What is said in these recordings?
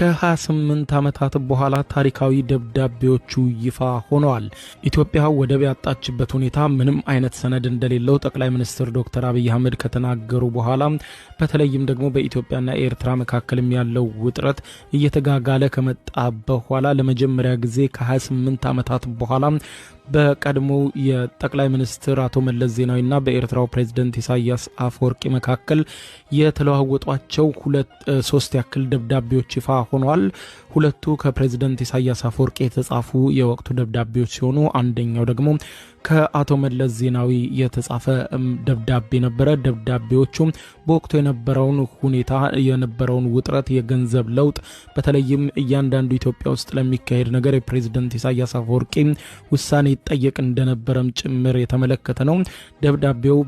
ከ28 ዓመታት በኋላ ታሪካዊ ደብዳቤዎቹ ይፋ ሆነዋል። ኢትዮጵያ ወደብ ያጣችበት ሁኔታ ምንም አይነት ሰነድ እንደሌለው ጠቅላይ ሚኒስትር ዶክተር አብይ አህመድ ከተናገሩ በኋላ በተለይም ደግሞ በኢትዮጵያና ኤርትራ መካከልም ያለው ውጥረት እየተጋጋለ ከመጣ በኋላ ለመጀመሪያ ጊዜ ከ28 ዓመታት በኋላ በቀድሞ የጠቅላይ ሚኒስትር አቶ መለስ ዜናዊና በኤርትራው ፕሬዝደንት ኢሳያስ አፈወርቂ መካከል የተለዋወጧቸው ሁለት ሶስት ያክል ደብዳቤዎች ይፋ ሆኗል። ሁለቱ ከፕሬዝደንት ኢሳያስ አፈወርቅ የተጻፉ የወቅቱ ደብዳቤዎች ሲሆኑ አንደኛው ደግሞ ከአቶ መለስ ዜናዊ የተጻፈ ደብዳቤ ነበረ። ደብዳቤዎቹም በወቅቱ የነበረውን ሁኔታ፣ የነበረውን ውጥረት፣ የገንዘብ ለውጥ በተለይም እያንዳንዱ ኢትዮጵያ ውስጥ ለሚካሄድ ነገር የፕሬዝደንት ኢሳያስ አፈወርቂ ውሳኔ ይጠየቅ እንደነበረም ጭምር የተመለከተ ነው። ደብዳቤው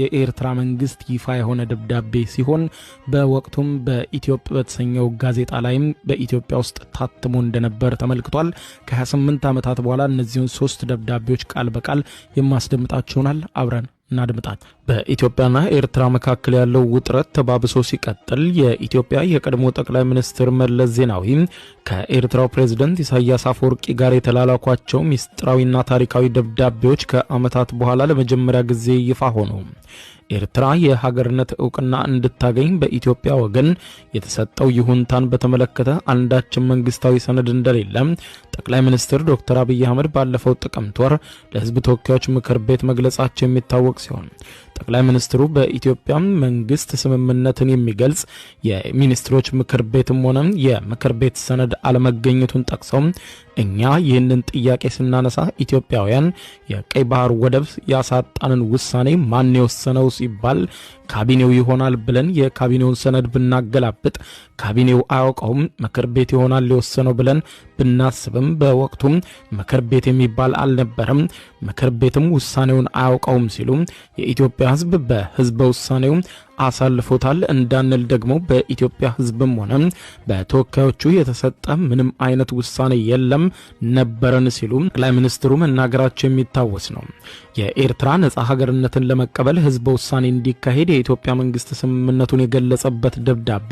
የኤርትራ መንግስት ይፋ የሆነ ደብዳቤ ሲሆን በወቅቱም በኢትዮጵያ በተሰኘው ጋዜጣ ላይም በኢትዮጵያ ውስጥ ታትሞ እንደነበር ተመልክቷል። ከ28 ዓመታት በኋላ እነዚህን ሶስት ደብዳቤዎች ቃል በቃል ይለናል። ይሆናል አብረን እናድምጣት። በኢትዮጵያና ኤርትራ መካከል ያለው ውጥረት ተባብሶ ሲቀጥል የኢትዮጵያ የቀድሞ ጠቅላይ ሚኒስትር መለስ ዜናዊ ከኤርትራው ፕሬዝደንት ኢሳያስ አፈወርቂ ጋር የተላላኳቸው ሚስጥራዊና ታሪካዊ ደብዳቤዎች ከዓመታት በኋላ ለመጀመሪያ ጊዜ ይፋ ሆኑ። ኤርትራ የሀገርነት እውቅና እንድታገኝ በኢትዮጵያ ወገን የተሰጠው ይሁንታን በተመለከተ አንዳችን መንግስታዊ ሰነድ እንደሌለ ጠቅላይ ሚኒስትር ዶክተር አብይ አህመድ ባለፈው ጥቅምት ወር ለሕዝብ ተወካዮች ምክር ቤት መግለጻቸው የሚታወቅ ሲሆን ጠቅላይ ሚኒስትሩ በኢትዮጵያ መንግስት ስምምነትን የሚገልጽ የሚኒስትሮች ምክር ቤትም ሆነ የምክር ቤት ሰነድ አለመገኘቱን ጠቅሰው እኛ ይህንን ጥያቄ ስናነሳ ኢትዮጵያውያን የቀይ ባህር ወደብ ያሳጣንን ውሳኔ ማን የወሰነው ሲባል ካቢኔው ይሆናል ብለን የካቢኔውን ሰነድ ብናገላብጥ ካቢኔው አያውቀውም፣ ምክር ቤት ይሆናል ሊወሰነው ብለን ብናስብም በወቅቱም ምክር ቤት የሚባል አልነበረም፣ ምክር ቤትም ውሳኔውን አያውቀውም ሲሉ የኢትዮጵያ ሕዝብ በሕዝበ ውሳኔው አሳልፎታል እንዳንል ደግሞ በኢትዮጵያ ህዝብም ሆነ በተወካዮቹ የተሰጠ ምንም አይነት ውሳኔ የለም ነበረን ሲሉ ጠቅላይ ሚኒስትሩ መናገራቸው የሚታወስ ነው። የኤርትራ ነጻ ሀገርነትን ለመቀበል ህዝበ ውሳኔ እንዲካሄድ የኢትዮጵያ መንግስት ስምምነቱን የገለጸበት ደብዳቤ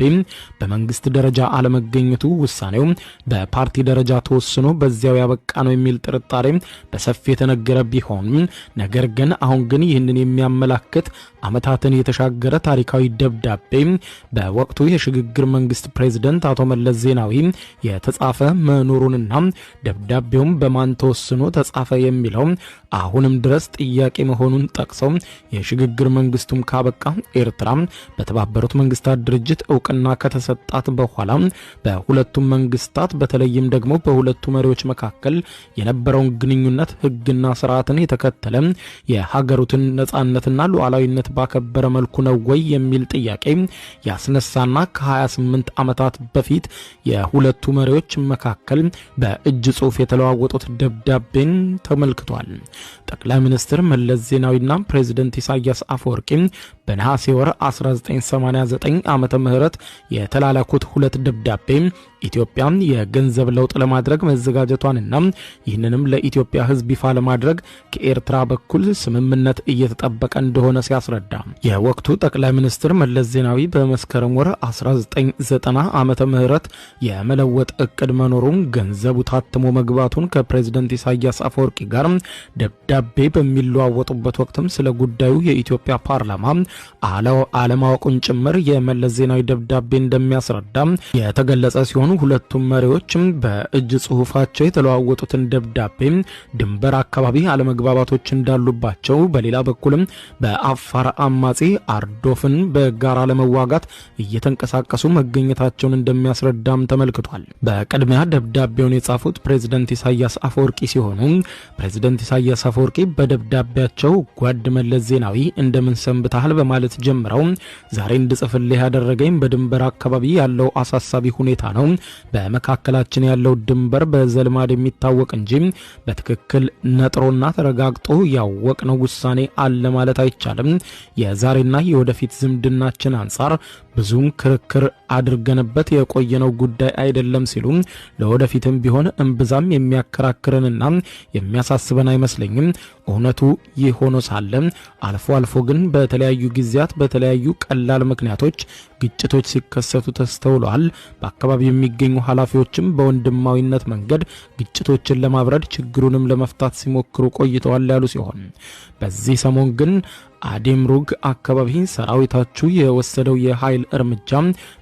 በመንግስት ደረጃ አለመገኘቱ ውሳኔው በፓርቲ ደረጃ ተወስኖ በዚያው ያበቃ ነው የሚል ጥርጣሬ በሰፊ የተነገረ ቢሆን ነገር ግን አሁን ግን ይህንን የሚያመላክት አመታትን የተሻገረ ታሪክ ታሪካዊ ደብዳቤ በወቅቱ የሽግግር መንግስት ፕሬዝደንት አቶ መለስ ዜናዊ የተጻፈ መኖሩንና ደብዳቤውም በማን ተወስኖ ተጻፈ የሚለው አሁንም ድረስ ጥያቄ መሆኑን ጠቅሰው የሽግግር መንግስቱም ካበቃ ኤርትራ በተባበሩት መንግስታት ድርጅት እውቅና ከተሰጣት በኋላ በሁለቱም መንግስታት በተለይም ደግሞ በሁለቱ መሪዎች መካከል የነበረውን ግንኙነት ህግና ስርዓትን የተከተለ የሀገሩትን ነጻነትና ሉዓላዊነት ባከበረ መልኩ ነው ወይ የሚል ጥያቄ ያስነሳና ከ28 ዓመታት በፊት የሁለቱ መሪዎች መካከል በእጅ ጽሑፍ የተለዋወጡት ደብዳቤን ተመልክቷል። ጠቅላይ ሚኒስትር መለስ ዜናዊና ፕሬዚደንት ኢሳያስ አፈወርቂ በነሐሴ ወር 1989 ዓመተ ምህረት የተላላኩት ሁለት ደብዳቤ ኢትዮጵያ የገንዘብ ለውጥ ለማድረግ መዘጋጀቷንና ይህንንም ለኢትዮጵያ ሕዝብ ይፋ ለማድረግ ከኤርትራ በኩል ስምምነት እየተጠበቀ እንደሆነ ሲያስረዳ የወቅቱ ጠቅላይ ሚኒስትር መለስ ዜናዊ በመስከረም ወር 1990 ዓመተ ምህረት የመለወጥ እቅድ መኖሩን ገንዘቡ ታትሞ መግባቱን ከፕሬዝደንት ኢሳያስ አፈወርቂ ጋር ደብዳቤ በሚለዋወጡበት ወቅትም ስለ ጉዳዩ የኢትዮጵያ ፓርላማ አለው አለማወቁን ጭምር የመለስ ዜናዊ ደብዳቤ እንደሚያስረዳ የተገለጸ ሲሆኑ ሁለቱም መሪዎችም በእጅ ጽሁፋቸው የተለዋወጡትን ደብዳቤ ድንበር አካባቢ አለመግባባቶች እንዳሉባቸው፣ በሌላ በኩልም በአፋር አማጺ አርዶፍን በጋራ ለመዋጋት እየተንቀሳቀሱ መገኘታቸውን እንደሚያስረዳም ተመልክቷል። በቅድሚያ ደብዳቤውን የጻፉት ፕሬዝደንት ኢሳያስ አፈወርቂ ሲሆኑ ፕሬዝደንት ኢሳያስ አፈወርቂ በደብዳቤያቸው ጓድ መለስ ዜናዊ እንደምን ሰንብተሃል ማለት ጀምረው ዛሬ እንድጽፍልህ ያደረገኝ በድንበር አካባቢ ያለው አሳሳቢ ሁኔታ ነው። በመካከላችን ያለው ድንበር በዘልማድ የሚታወቅ እንጂ በትክክል ነጥሮና ተረጋግጦ ያወቅነው ውሳኔ አለ ማለት አይቻልም። የዛሬና የወደፊት ዝምድናችን አንጻር ብዙም ክርክር አድርገንበት የቆየነው ጉዳይ አይደለም ሲሉ ለወደፊትም ቢሆን እምብዛም የሚያከራክረንና የሚያሳስበን አይመስለኝም። እውነቱ ይህ ሆኖ ሳለም አልፎ አልፎ ግን በተለያዩ ጊዜያት በተለያዩ ቀላል ምክንያቶች ግጭቶች ሲከሰቱ ተስተውሏል በአካባቢ የሚገኙ ኃላፊዎችም በወንድማዊነት መንገድ ግጭቶችን ለማብረድ ችግሩንም ለመፍታት ሲሞክሩ ቆይተዋል ያሉ ሲሆን በዚህ ሰሞን ግን አዴምሩግ አካባቢ ሰራዊታችሁ የወሰደው የኃይል እርምጃ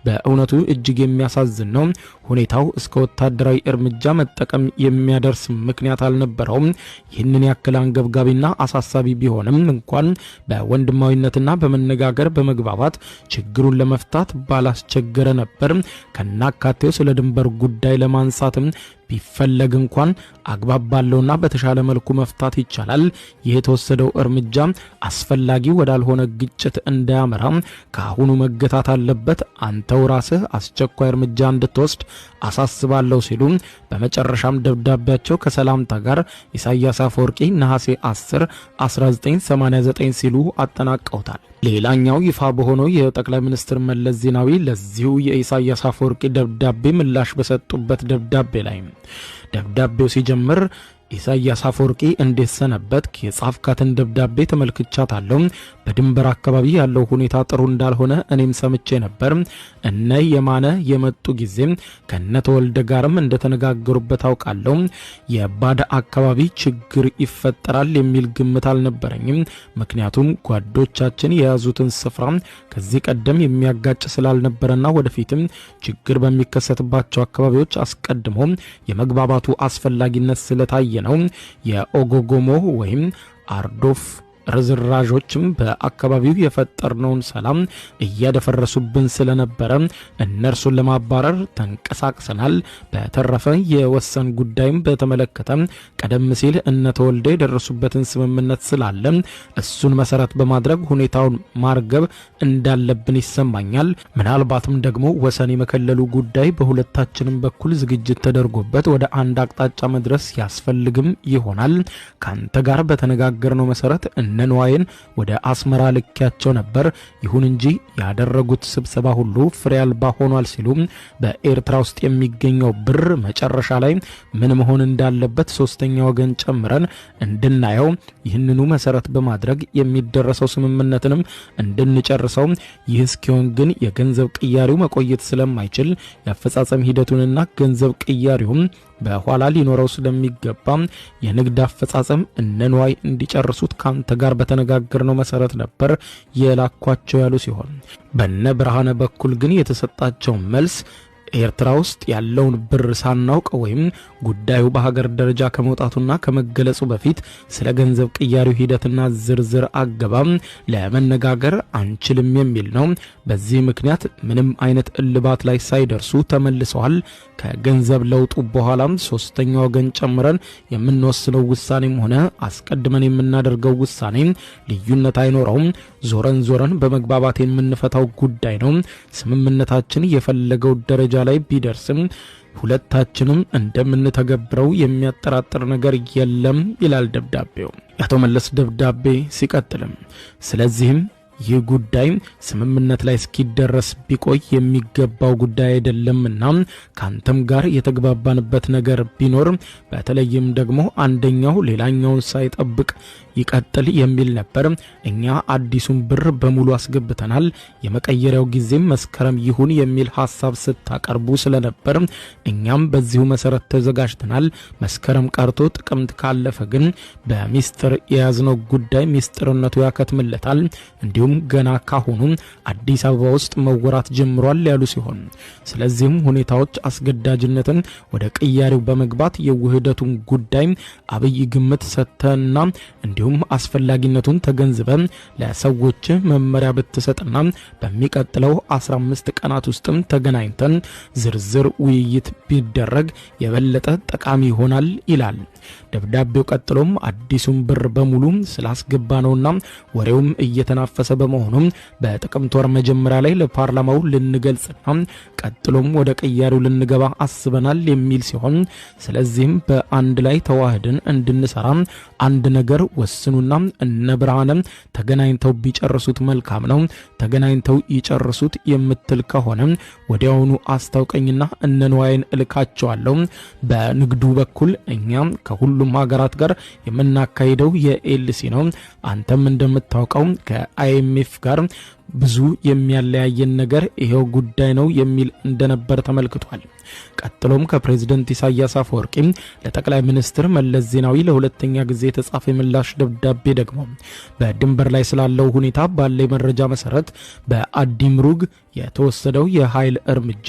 በእውነቱ እጅግ የሚያሳዝን ነው። ሁኔታው እስከ ወታደራዊ እርምጃ መጠቀም የሚያደርስ ምክንያት አልነበረውም። ይህንን ያክል አንገብጋቢና አሳሳቢ ቢሆንም እንኳን በወንድማዊነትና በመነጋገር በመግባባት ችግሩን ለመፍታት ባላስቸገረ ነበር። ከናካቴው ስለ ድንበር ጉዳይ ለማንሳትም ቢፈለግ እንኳን አግባብ ባለውና በተሻለ መልኩ መፍታት ይቻላል። ይህ የተወሰደው እርምጃ አስፈላጊ ወዳልሆነ ግጭት እንዳያመራ ከአሁኑ መገታት አለበት። አንተው ራስህ አስቸኳይ እርምጃ እንድትወስድ አሳስባለሁ ሲሉ በመጨረሻም ደብዳቤያቸው ከሰላምታ ጋር ኢሳያስ አፈወርቂ ነሐሴ 10 1989 ሲሉ አጠናቀውታል። ሌላኛው ይፋ በሆነው የጠቅላይ ሚኒስትር መለስ ዜናዊ ለዚሁ የኢሳያስ አፈወርቂ ደብዳቤ ምላሽ በሰጡበት ደብዳቤ ላይ ደብዳቤው ሲጀምር ኢሳያስ አፈወርቂ እንዴት ሰነበትክ? የጻፍካትን ደብዳቤ ተመልክቻታለሁ። በድንበር አካባቢ ያለው ሁኔታ ጥሩ እንዳልሆነ እኔም ሰምቼ ነበር። እነ የማነ የመጡ ጊዜ ከነ ተወልደ ጋርም እንደተነጋገሩበት አውቃለሁ። የባዳ አካባቢ ችግር ይፈጠራል የሚል ግምት አልነበረኝም። ምክንያቱም ጓዶቻችን የያዙትን ስፍራ ከዚህ ቀደም የሚያጋጭ ስላልነበረና ወደፊትም ችግር በሚከሰትባቸው አካባቢዎች አስቀድሞ የመግባባቱ አስፈላጊነት ስለታየ ነው። የኦጎጎሞ ወይም አርዶፍ ርዝራዦችም በአካባቢው የፈጠርነውን ሰላም እያደፈረሱብን ስለነበረ እነርሱን ለማባረር ተንቀሳቅሰናል። በተረፈ የወሰን ጉዳይም በተመለከተ ቀደም ሲል እነተወልደ የደረሱበትን ስምምነት ስላለ እሱን መሰረት በማድረግ ሁኔታውን ማርገብ እንዳለብን ይሰማኛል። ምናልባትም ደግሞ ወሰን የመከለሉ ጉዳይ በሁለታችንም በኩል ዝግጅት ተደርጎበት ወደ አንድ አቅጣጫ መድረስ ያስፈልግም ይሆናል። ካንተ ጋር በተነጋገርነው መሰረት ንዋይን ወደ አስመራ ልኪያቸው ነበር። ይሁን እንጂ ያደረጉት ስብሰባ ሁሉ ፍሬ አልባ ሆኗል ሲሉ በኤርትራ ውስጥ የሚገኘው ብር መጨረሻ ላይ ምን መሆን እንዳለበት ሶስተኛ ወገን ጨምረን እንድናየው ይህንኑ መሰረት በማድረግ የሚደረሰው ስምምነትንም እንድንጨርሰው ይህ እስኪሆን ግን የገንዘብ ቅያሪው መቆየት ስለማይችል የአፈጻጸም ሂደቱንና ገንዘብ ቅያሪውም በኋላ ሊኖረው ስለሚገባም የንግድ አፈጻጸም እነንዋይ እንዲጨርሱት ካንተ ጋር በተነጋገርነው መሰረት ነበር የላኳቸው ያሉ ሲሆን በነ ብርሃነ በኩል ግን የተሰጣቸው መልስ ኤርትራ ውስጥ ያለውን ብር ሳናውቅ ወይም ጉዳዩ በሀገር ደረጃ ከመውጣቱና ከመገለጹ በፊት ስለ ገንዘብ ቅያሪው ሂደትና ዝርዝር አገባም ለመነጋገር አንችልም የሚል ነው። በዚህ ምክንያት ምንም አይነት እልባት ላይ ሳይደርሱ ተመልሰዋል። ከገንዘብ ለውጡ በኋላም ሶስተኛ ወገን ጨምረን የምንወስነው ውሳኔም ሆነ አስቀድመን የምናደርገው ውሳኔ ልዩነት አይኖረውም። ዞረን ዞረን በመግባባት የምንፈታው ጉዳይ ነው። ስምምነታችን የፈለገው ደረጃ ደረጃ ላይ ቢደርስም ሁለታችንም እንደምንተገብረው የሚያጠራጥር ነገር የለም ይላል ደብዳቤው። የአቶ መለስ ደብዳቤ ሲቀጥልም ስለዚህም ይህ ጉዳይ ስምምነት ላይ እስኪደረስ ቢቆይ የሚገባው ጉዳይ አይደለምና ከአንተም ጋር የተግባባንበት ነገር ቢኖር በተለይም ደግሞ አንደኛው ሌላኛውን ሳይጠብቅ ይቀጥል የሚል ነበር። እኛ አዲሱን ብር በሙሉ አስገብተናል፣ የመቀየሪያው ጊዜም መስከረም ይሁን የሚል ሀሳብ ስታቀርቡ ስለነበር እኛም በዚሁ መሰረት ተዘጋጅተናል። መስከረም ቀርቶ ጥቅምት ካለፈ ግን በሚስጥር የያዝነው ጉዳይ ሚስጥርነቱ ያከትምለታል እንዲሁም እቅዱም ገና ካሁኑም አዲስ አበባ ውስጥ መወራት ጀምሯል ያሉ ሲሆን ስለዚህም ሁኔታዎች አስገዳጅነትን ወደ ቅያሬው በመግባት የውህደቱን ጉዳይ አብይ ግምት ሰተና እንዲሁም አስፈላጊነቱን ተገንዝበ ለሰዎች መመሪያ ብትሰጥና በሚቀጥለው 15 ቀናት ውስጥም ተገናኝተን ዝርዝር ውይይት ቢደረግ የበለጠ ጠቃሚ ይሆናል ይላል ደብዳቤው። ቀጥሎም አዲሱን ብር በሙሉ ስላስገባ ነውና ወሬውም እየተናፈሰ በመሆኑም በጥቅምት ወር መጀመሪያ ላይ ለፓርላማው ልንገልጽና ቀጥሎም ወደ ቅያሪው ልንገባ አስበናል የሚል ሲሆን ስለዚህም በአንድ ላይ ተዋህድን እንድንሰራ አንድ ነገር ወስኑና እነ ብርሃነ ተገናኝተው ቢጨርሱት መልካም ነው፣ ተገናኝተው ይጨርሱት የምትል ከሆነ ወዲያውኑ አስታውቀኝና እነ ንዋይን እልካቸዋለሁ። በንግዱ በኩል እኛ ከሁሉም ሀገራት ጋር የምናካሂደው የኤልሲ ነው። አንተም እንደምታውቀው ከአይ me ficaram ብዙ የሚያለያየን ነገር ይሄው ጉዳይ ነው የሚል እንደነበር ተመልክቷል። ቀጥሎም ከፕሬዝደንት ኢሳያስ አፈወርቂ ለጠቅላይ ሚኒስትር መለስ ዜናዊ ለሁለተኛ ጊዜ የተጻፈ የምላሽ ደብዳቤ ደግሞ በድንበር ላይ ስላለው ሁኔታ ባለ መረጃ መሰረት በአዲምሩግ የተወሰደው የኃይል እርምጃ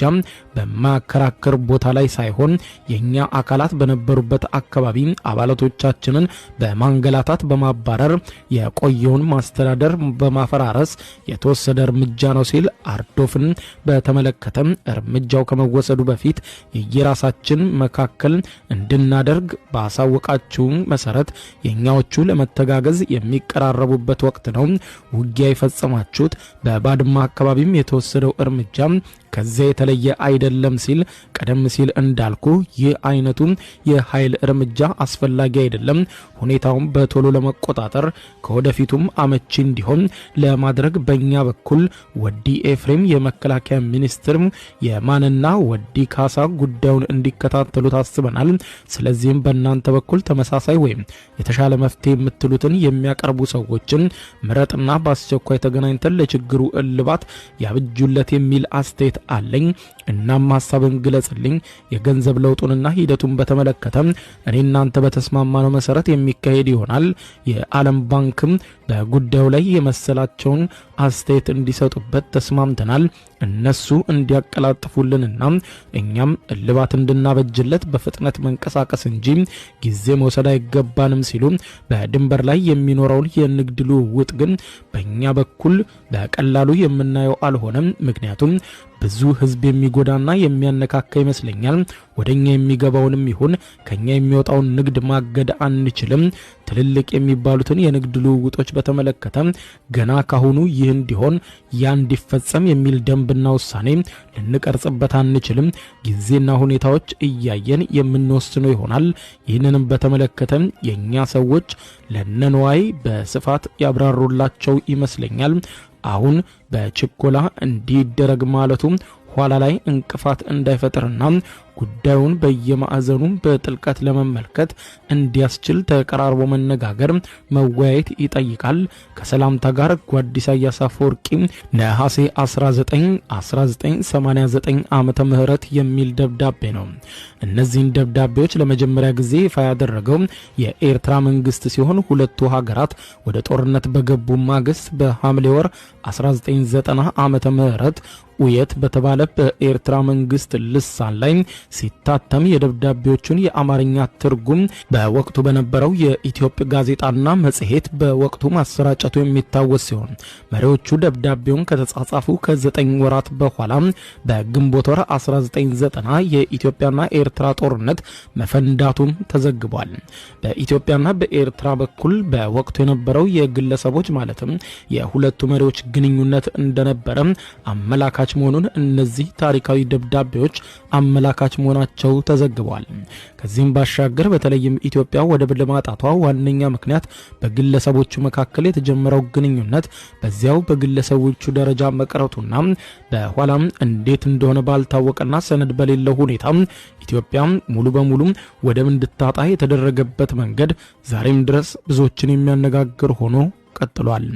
በማያከራክር ቦታ ላይ ሳይሆን የእኛ አካላት በነበሩበት አካባቢ አባላቶቻችንን በማንገላታት በማባረር የቆየውን ማስተዳደር በማፈራረስ የተወሰደ እርምጃ ነው ሲል አርዶፍን በተመለከተ እርምጃው ከመወሰዱ በፊት የየራሳችን መካከል እንድናደርግ ባሳወቃችሁ መሰረት የእኛዎቹ ለመተጋገዝ የሚቀራረቡበት ወቅት ነው። ውጊያ የፈጸማችሁት በባድማ አካባቢም የተወሰደው እርምጃ ከዚያ የተለየ አይደለም ሲል ቀደም ሲል እንዳልኩ ይህ አይነቱ የኃይል እርምጃ አስፈላጊ አይደለም። ሁኔታውን በቶሎ ለመቆጣጠር ከወደፊቱም አመቺ እንዲሆን ለማድረግ በእኛ በኩል ወዲ ኤፍሬም የመከላከያ ሚኒስትር የማንና ወዲ ካሳ ጉዳዩን እንዲከታተሉ ታስበናል። ስለዚህም በእናንተ በኩል ተመሳሳይ ወይም የተሻለ መፍትሄ የምትሉትን የሚያቀርቡ ሰዎችን ምረጥና በአስቸኳይ ተገናኝተን ለችግሩ እልባት ያብጁለት የሚል አስተያየት አለኝ። እናም ሀሳብን ግለጽልኝ። የገንዘብ ለውጡንና ሂደቱን በተመለከተም እኔ እናንተ በተስማማነው መሰረት የሚካሄድ ይሆናል። የዓለም ባንክም በጉዳዩ ላይ የመሰላቸውን አስተያየት እንዲሰጡበት ተስማምተናል። እነሱ እንዲያቀላጥፉልንና እኛም እልባት እንድናበጅለት በፍጥነት መንቀሳቀስ እንጂ ጊዜ መውሰድ አይገባንም ሲሉ በድንበር ላይ የሚኖረውን የንግድ ልውውጥ ግን በእኛ በኩል በቀላሉ የምናየው አልሆነም። ምክንያቱም ብዙ ህዝብ የሚጎዳና የሚያነካካ ይመስለኛል። ወደኛ የሚገባውንም ይሁን ከኛ የሚወጣውን ንግድ ማገድ አንችልም። ትልልቅ የሚባሉትን የንግድ ልውውጦች በተመለከተ ገና ካሁኑ ይህ እንዲሆን ያ እንዲፈጸም የሚል ደንብና ውሳኔ ልንቀርጽበት አንችልም። ጊዜና ሁኔታዎች እያየን የምንወስነው ይሆናል። ይህንንም በተመለከተ የእኛ ሰዎች ለነንዋይ በስፋት ያብራሩላቸው ይመስለኛል። አሁን በችኮላ እንዲደረግ ማለቱ ኋላ ላይ እንቅፋት እንዳይፈጥርና ጉዳዩን በየማዕዘኑም በጥልቀት ለመመልከት እንዲያስችል ተቀራርቦ መነጋገር፣ መወያየት ይጠይቃል። ከሰላምታ ጋር ጓዲስ ኢሳያስ አፈወርቂ ነሐሴ 19 1989 ምህረት የሚል ደብዳቤ ነው። እነዚህን ደብዳቤዎች ለመጀመሪያ ጊዜ ይፋ ያደረገው የኤርትራ መንግስት ሲሆን ሁለቱ ሀገራት ወደ ጦርነት በገቡ ማግስት በሐምሌ ወር 1990 ዓ ምህረት ውየት በተባለ በኤርትራ መንግስት ልሳን ላይ ሲታተም የደብዳቤዎቹን የአማርኛ ትርጉም በወቅቱ በነበረው የኢትዮጵያ ጋዜጣና መጽሔት በወቅቱ ማሰራጨቱ የሚታወስ ሲሆን መሪዎቹ ደብዳቤውን ከተጻጻፉ ከዘጠኝ ወራት በኋላ በግንቦት ወር 1990 የኢትዮጵያና ኤርትራ ጦርነት መፈንዳቱም ተዘግቧል። በኢትዮጵያና በኤርትራ በኩል በወቅቱ የነበረው የግለሰቦች ማለትም የሁለቱ መሪዎች ግንኙነት እንደነበረ አመላካች አመላካች መሆኑን እነዚህ ታሪካዊ ደብዳቤዎች አመላካች መሆናቸው ተዘግበዋል። ከዚህም ባሻገር በተለይም ኢትዮጵያ ወደብ ለማጣቷ ዋነኛ ምክንያት በግለሰቦቹ መካከል የተጀመረው ግንኙነት በዚያው በግለሰቦቹ ደረጃ መቅረቱና በኋላም እንዴት እንደሆነ ባልታወቀና ሰነድ በሌለው ሁኔታ ኢትዮጵያ ሙሉ በሙሉ ወደብ እንድታጣ የተደረገበት መንገድ ዛሬም ድረስ ብዙዎችን የሚያነጋግር ሆኖ ቀጥሏል።